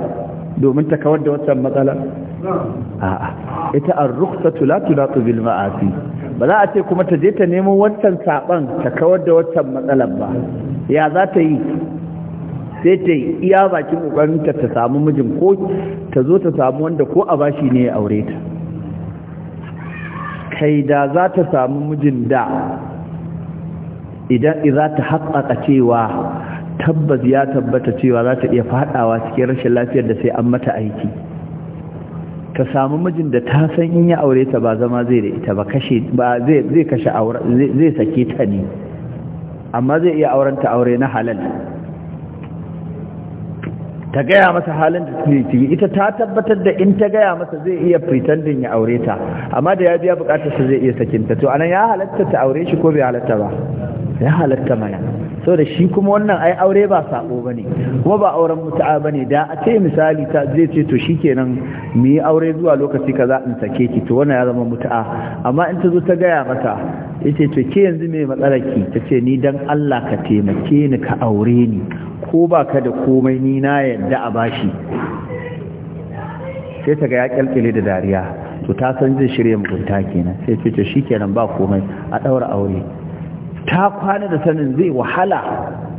domin ta kawar da wata matsalar a'a ita an rukta tulatu latu bil ma'asi ba za a ce kuma ta je ta nemo wancan saban ta kawar da wancan matsalar ba ya za ta yi sai ta yi iya bakin kokarin ta ta samu mijin ko ta zo ta samu wanda ko a bashi ne ya aure ta kai da za ta samu mijin da idan za ta haƙaƙa cewa tabbas ya tabbata cewa za ta iya faɗawa cikin rashin lafiyar da sai an mata aiki ka samu mijin da ta san in ya aure ta ba zama zai da ita ba kashe ba zai zai kashe aure zai sake ta ne amma zai iya auren ta aure na halal ta gaya masa halin da take ita ta tabbatar da in ta gaya masa zai iya pretending ya aure ta amma da ya biya bukatar sa zai iya sakinta to anan ya halatta ta aure shi ko bai halatta ba ya halatta mana so da shi kuma wannan ai aure ba sabo bane kuma ba auren mutu'a bane da a ce misali ta zai ce to shikenan mu yi aure zuwa lokaci kaza in sake ki to wannan ya zama mutu'a amma in ta zo ta gaya mata yace to ke yanzu me matsalar ki tace ni dan Allah ka taimake ni ka aure ni ko ba ka da komai ni na yadda a bashi sai ta ga ya kalkile da dariya to ta san zai shirya mugunta kenan sai ce shikenan ba komai a daura aure ta kwana da sanin zai wahala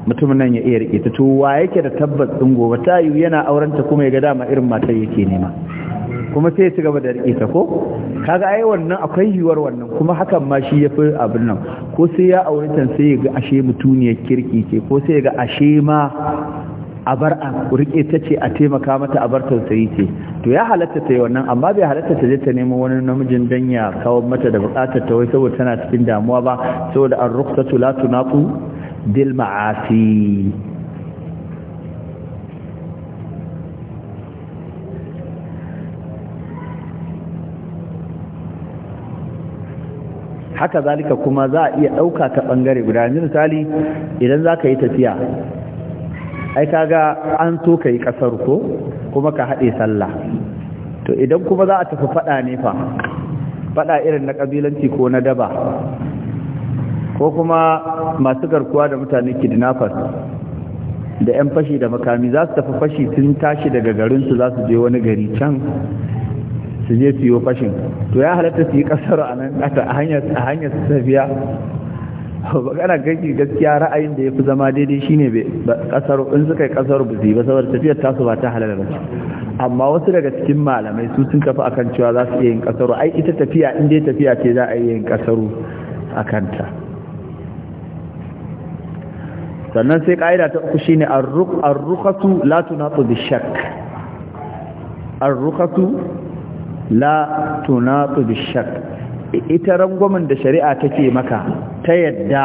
mutumin nan ya iya rike ta to wa yake da tabbas ɗin gobe ta yi yana aurenta kuma ya ga dama irin matar yake nema kuma sai ci gaba da rike ta ko kaga ai wannan akwai yiwuwar wannan kuma hakan ma shi yafi abin nan ko sai ya aure ta sai ya ga ashe mutuniyar kirki ce ko sai ya ga ashe ma a bar a rike ta ce a taimaka mata a bar tausayi ce to ya halatta ta yi wannan amma bai halatta ta je ta nemo wani namijin dan ya kawo mata da bukatar ta wai saboda tana cikin damuwa ba saboda an rukhsatu la tunaqu dil ma'asi haka zalika kuma za a iya ɗauka ta ɓangare guda yanzu misali idan za ka yi tafiya ai kaga an so ka yi ƙasar ko kuma ka haɗe sallah to idan kuma za a tafi faɗa ne fa faɗa irin na kabilanci ko na daba ko kuma masu garkuwa da mutane kidnappers da 'yan fashi da makami za su tafi fashi sun tashi daga garinsu za su je wani gari can su je su yi fashin to ya halatta su yi kasar a nan a hanyar tafiya magana gaggi gaskiya ra'ayin da ya fi zama daidai shine kasar in suka yi kasar buzi ba saboda tafiyar tasu ba ta halala ba amma wasu daga cikin malamai su sun kafa akan cewa za su iya yin kasar ai ita tafiya in dai tafiya ce za a iya yin kasar a kanta sannan sai ka'ida ta uku shine ar-rukhatu la tunatu bi shakk ar la tunatu bi shakk ita rangwamin da shari'a take maka ta yadda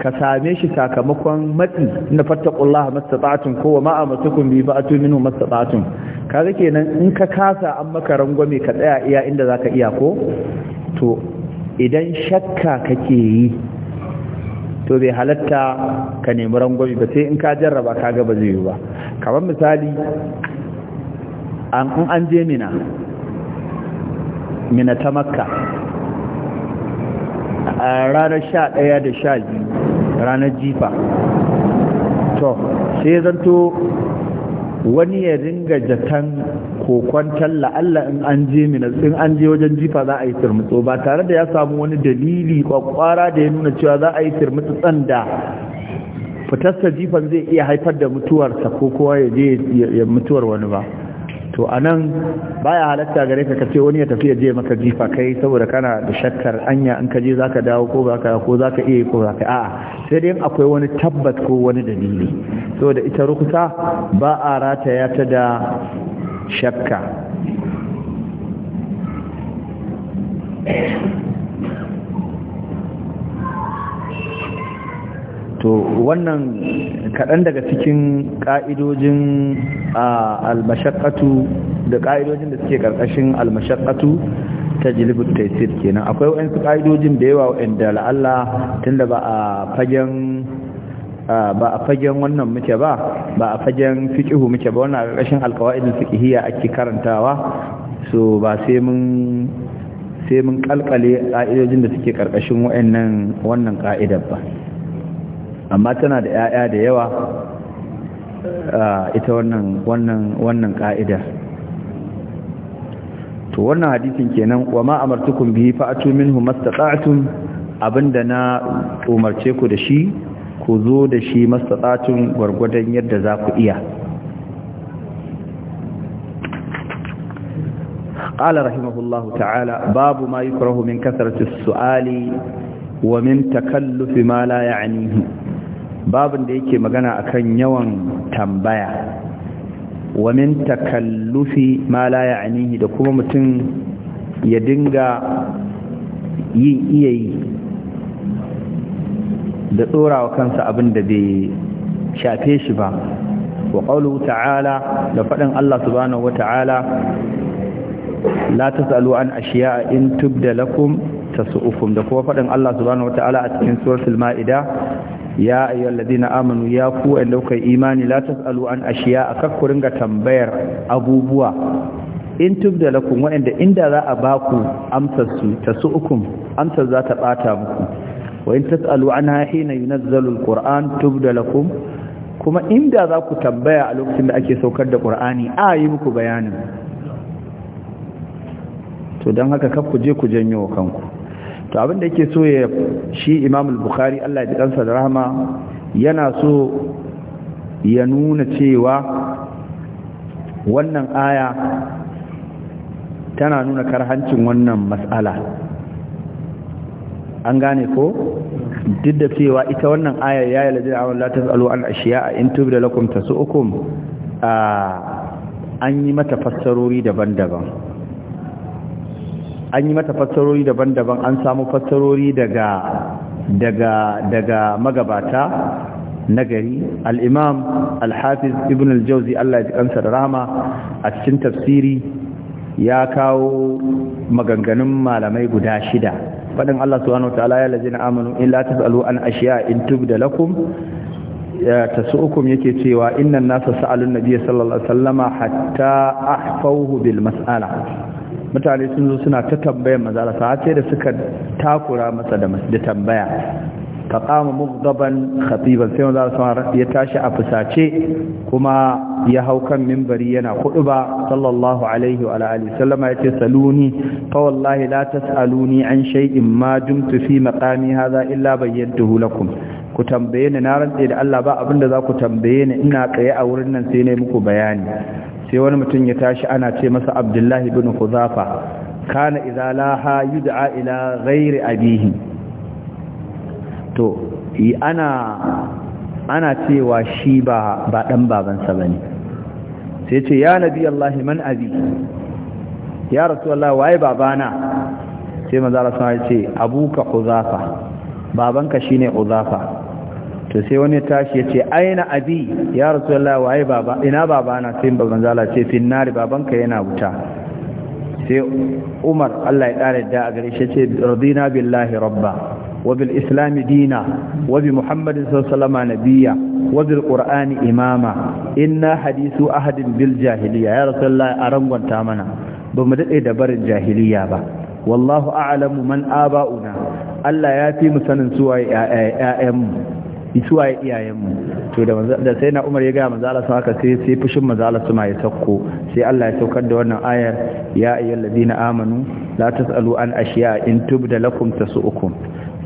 ka same shi sakamakon matsi na fattakullaha mastata'atun ko wa ma'amatukum bi ba'atu minhu mastata'atun kaga kenan in ka kasa an maka rangwame ka tsaya iya inda zaka iya ko to idan shakka kake yi to bai halatta ka nemi rangwame ba sai in ka jarraba kaga ba zai yi ba kamar misali an an je mina mina ta makka a ranar sha daya da sha biyu ranar jifa to sai zanto wani ya ringa jatan kokon talla Allah in an je mina in an je wajen jifa za a yi turmutso ba tare da ya samu wani dalili kwakwara da ya nuna cewa za a yi turmutsan da fitarsa jifan zai iya haifar da mutuwarsa ko kowa ya je ya mutuwar wani ba to a anan baya halatta gare ka kace wani ya tafi ya je maka jifa kai saboda kana da shakkar anya in ka je ka dawo ko ka ko zaka iya ko ka a'a sai dai akwai wani tabbat ko wani dalili saboda ita rukuta ba a rataya ta da shakka to wannan kaɗan daga cikin ƙa'idojin almashakatu da ƙa'idojin da suke ƙarƙashin almashakatu ta jilibin taisir kenan akwai wa'yansu ƙa'idojin da yawa wa'yanda la'alla tun da ba a fagen ba a fagen wannan muke ba ba a fagen fikihu muke ba wannan a ƙarƙashin alƙawa'idin fikihiyya ake karantawa so ba sai mun sai mun ƙalƙale ƙa'idojin da suke ƙarƙashin wannan ƙa'idar ba amma tana da 'ya'ya da yawa ita wannan wannan ka'ida to wannan hadisin kenan wa ma amartukum bihi fa'atu minhu mastata'tum abinda na umarce ku da shi ku zo da shi mastata'tum gwargwadon yadda za ku iya قال رحمه الله تعالى باب ما يكره من كثرة السؤال ومن تكلف ما لا يعنيه babin da yake magana akan yawan tambaya wa min takallufi ma la ya'nihi da kuma mutum ya dinga yin iya yi da tsorawa kansa abin da bai shafe shi ba wa qawlu ta'ala da fadin Allah subhanahu wa ta'ala la tas'alu an ashiya'a in tubda lakum tasu'ukum da kuma fadin Allah subhanahu wa ta'ala a cikin suratul ma'ida ya ayyuhal ladina amanu ya ku wanda kuka imani la tasalu an ashiya akakku ringa tambayar abubuwa in tub da lakum wa'anda inda za a baku amsar su ukun, amsar za ta ɓata muku wa in tasalu anha hina yunazzalu tub da lakum kuma inda za ku tambaya a lokacin da ake saukar da qur'ani a yi muku bayanin to don haka kaf ku je ku janyo wa kanku to abin da yake so ya shi imam al-bukhari Allah ya kansa da rahama yana so ya nuna cewa wannan aya tana nuna karhancin wannan mas'ala an gane ko duk da cewa ita wannan aya ya yi lajin awon la tas'alu an a in da lakum tasu'ukum an yi mata fassarori daban-daban an yi mata fassarori daban-daban an samu fassarori daga daga daga magabata al-imam al-hafiz ibn al-jawzi Allah ya ji kansa da rahama a cikin tafsiri ya kawo maganganun malamai guda shida Faɗin Allah subhanahu wataala ya lazina amanu in la tasalu an ashiya in tubda lakum tasu'ukum yake cewa innan nasa sa'alun nabiyyi sallallahu alaihi wasallama hatta ahfawhu bil mas'ala mutane sun zo suna ta tambayar manzo Allah sai da suka takura masa da da tambaya faqama mughdaban khatiban sai manzo Allah ya tashi a fusace kuma ya hau kan minbari yana ba sallallahu alaihi wa alihi sallama yace saluni fa wallahi la tasaluni an shay'in ma dumtu fi maqami hadha illa bayyantuhu lakum ku tambaye ni na rantse da Allah ba abinda za ku tambaye ni ina tsaye a wurin nan sai ne muku bayani sai wani mutum ya tashi ana ce masa abdullahi bin huzafa kana idza laha yud'a ila ghairi abihi to ana ana cewa shi ba ba dan babansa bane sai ce ya nabi Allah man abi ya rasulullah waye babana sai manzo Allah sai ce abuka huzafa babanka shine huzafa to sai wani tashi ya ce aina abi ya rasulullah waye baba ina baba na sai baban zala ce finnari babanka yana wuta sai umar Allah ya kare da a gare shi ce radina billahi rabba wa islami dina wa muhammadin sallallahu alaihi nabiyya wa bil imama inna hadisu ahadin bil jahiliya ya rasulullah a rangonta mana bamu mu da barin jahiliya ba wallahu a'lamu man aba'una Allah ya fi mu sanin suwaye ƴaƴanmu isuwa ya iyayenmu to da sai na umar ya gaya maza su haka sai sai fushin manzala su ma ya sauko. sai Allah ya saukar da wannan ayar ya ayyuhal ladina amanu la tasalu an ashiya in tubda lakum uku.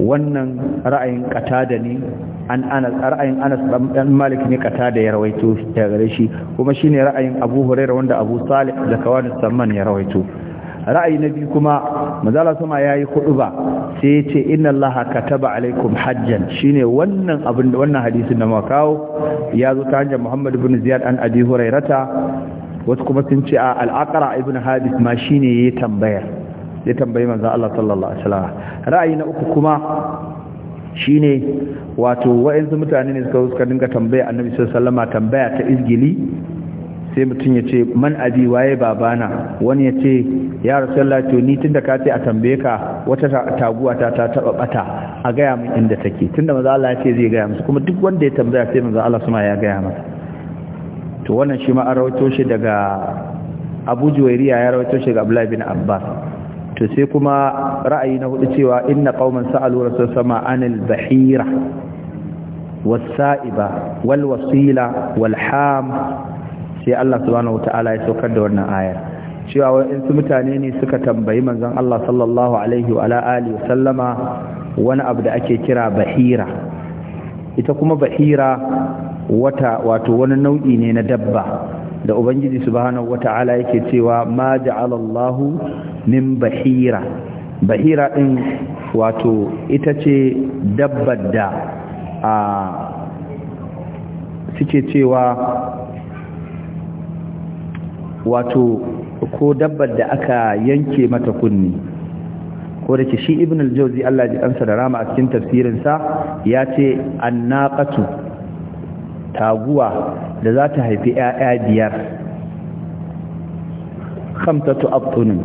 wannan ra'ayin katada ne an anas ra'ayin anas dan malik ne katada ya rawaito daga gare shi kuma shine ra'ayin abu hurairah wanda abu salih da samman ya rawaito ra'ayi na biyu kuma ya sama yayi ba sai ya ce inna ka taba alaikum hajjan shine wannan abin wannan hadisin da muka kawo ya zo ta hanyar muhammad ibn ziyad an abi hurairata wasu kuma sun ce a al'aqara ibn hadis ma shine yayi tambaya, ya tambayi manzon Allah sallallahu alaihi wasallam ra'ayi na uku kuma shine wato wa'in su mutane ne suka suka dinga tambaya annabi sallallahu alaihi wasallama tambaya ta izgili sai mutum ya ce man abi waye babana wani ya ce ya rasulallah to ni tunda ka ce a tambaye ka wata taguwa ta ta taba bata a gaya min inda take tunda manzo Allah ya ce zai gaya musu kuma duk wanda ya tambaya sai manzo Allah suma ya gaya masa to wannan shi ma an rawaito shi daga Abu Juwairiya ya rawaito shi daga Abdullah bin Abbas to sai kuma ra'ayi na hudu cewa inna qauman sa'alu rasul sama anil bahira was sa'iba wal wasila wal ham sai Allah subhanahu wata'ala ya saukar da wannan ayar cewa waɗansu mutane ne suka tambayi manzon Allah sallallahu alaihi wa alihi wa sallama wani abu da ake kira bahira ita kuma bahira wata wato wani nau'i ne na dabba da ubangiji subhanahu wata'ala yake cewa ma ja'alallahu min bahira bahira din wato ita ce dabbar da a suke cewa wato ko dabbar da aka yanke mata kunni ko da ke shi ibn al-jawzi Allah ji ansa da rama a cikin tafsirin sa ya ce annaqatu taguwa da za ta haifi ƴaƴa biyar khamsatu abtun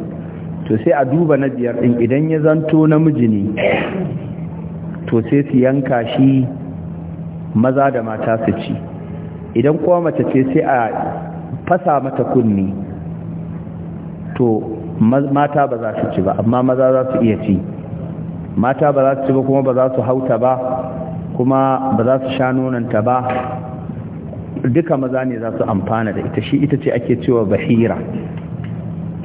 to sai a duba na biyar din idan ya zanto namiji ne to sai su yanka shi maza da mata su ci idan kuma mace ce sai a fasa mata kunni to mata ba za su ci ba amma maza za su iya ci mata ba za su ci ba kuma ba za su hauta ba kuma ba za su sha nonanta ba duka maza ne za su amfana da ita shi ita ce ake cewa bahira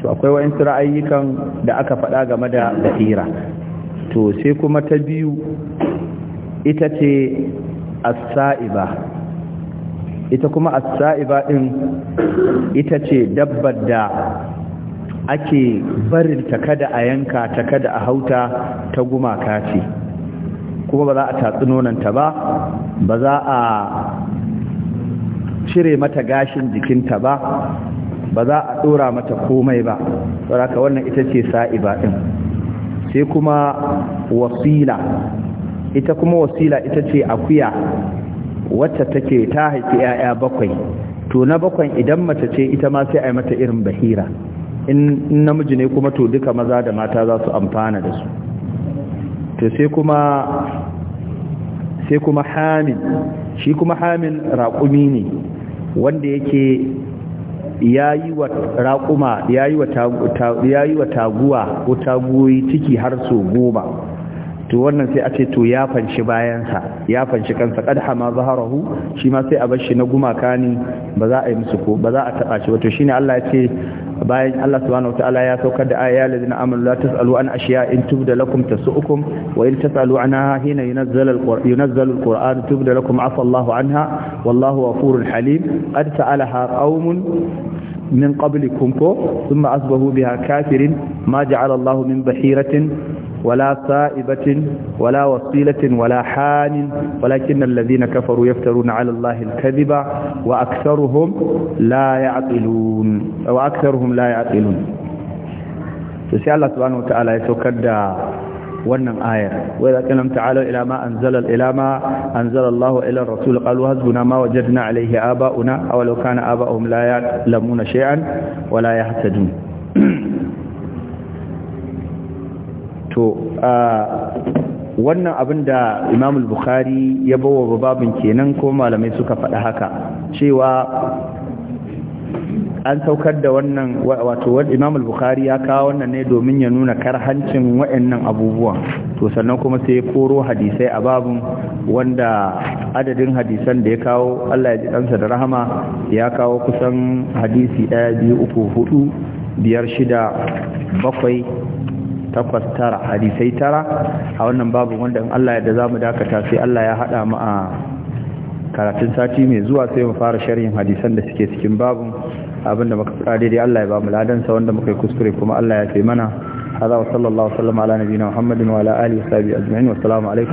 to akwai wa'insu ra'ayyukan da aka faɗa game da bahira to sai kuma ta biyu ita ce as-sa'iba ita kuma as-sa'iba din ita ce dabbar da ake barin ta kada a yanka ta kada a hauta ta gumaka ce kuma ba za a tatsi nonanta ba ba za a cire mata gashin jikinta ba ba za a ɗora mata komai ba saboda wannan ita ce sa'iba din sai kuma wasila ita kuma wasila ita ce akuya wacce take ta haifi 'ya'ya bakwai to na bakwai idan mace ce ita ma sai a yi mata irin bahira in namiji ne kuma to duka maza da mata za su amfana da su to sai kuma sai kuma hamil shi kuma hamil raƙumi ne wanda yake yayi wa raƙuma wa taguwa ko taguyi ciki har so goma to wannan sai a ce to ya fanshi bayansa ya fanshi kansa kad hama zaharahu shi ma sai a bar shi na gumaka ne ba za a yi musu ko ba za a taba shi ba to shine Allah ya ce bayan Allah subhanahu wataala ya saukar da aya ladina amanu la tasalu an ashiya in tubda lakum tasu'ukum wa in tasalu anha hina yunzal alquran yunzal alquran tubda lakum afa Allahu anha wallahu ghafurur halim qad ta'alaha qaumun min qablikum ko thumma asbahu biha kafirin ma ja'ala Allahu min bahiratin ولا سائبة ولا وصيلة ولا حان ولكن الذين كفروا يفترون على الله الكذب وأكثرهم لا يعقلون وأكثرهم لا يعقلون فسي الله سبحانه وتعالى يتكدى wannan ayar wai da kalam ta'ala ila ma anzala ila ma anzala Allah ila rasul qalu hasbuna ma wajadna alayhi aba'una aw law kana aba'uhum la ya'lamuna shay'an wa la yahtadun to wannan abinda da imam bukhari ya bawa babin kenan ko malamai suka faɗa haka cewa an saukar da wannan wato imam al-bukhari ya kawo wannan ne domin ya nuna karhancin wa'annan abubuwan to sannan kuma sai ya koro hadisai a babun wanda adadin hadisan da ya kawo Allah ya ji dansa da rahama ya kawo kusan hadisi ɗaya biyu uku hudu biyar shida bakwai takwas tara hadisai tara a wannan babu wanda in Allah ya da za mu dakata sai Allah ya haɗa mu a karatun sati mai zuwa sai mu fara sharhin hadisan da suke cikin babun abinda muka fara dai Allah ya ba mu ladan sa wanda muka yi kuskure kuma Allah ya ce mana hada wa sallallahu alaihi wa sallam ala nabiyina muhammadin wa ala alihi wa sahbihi ajma'in wa assalamu alaikum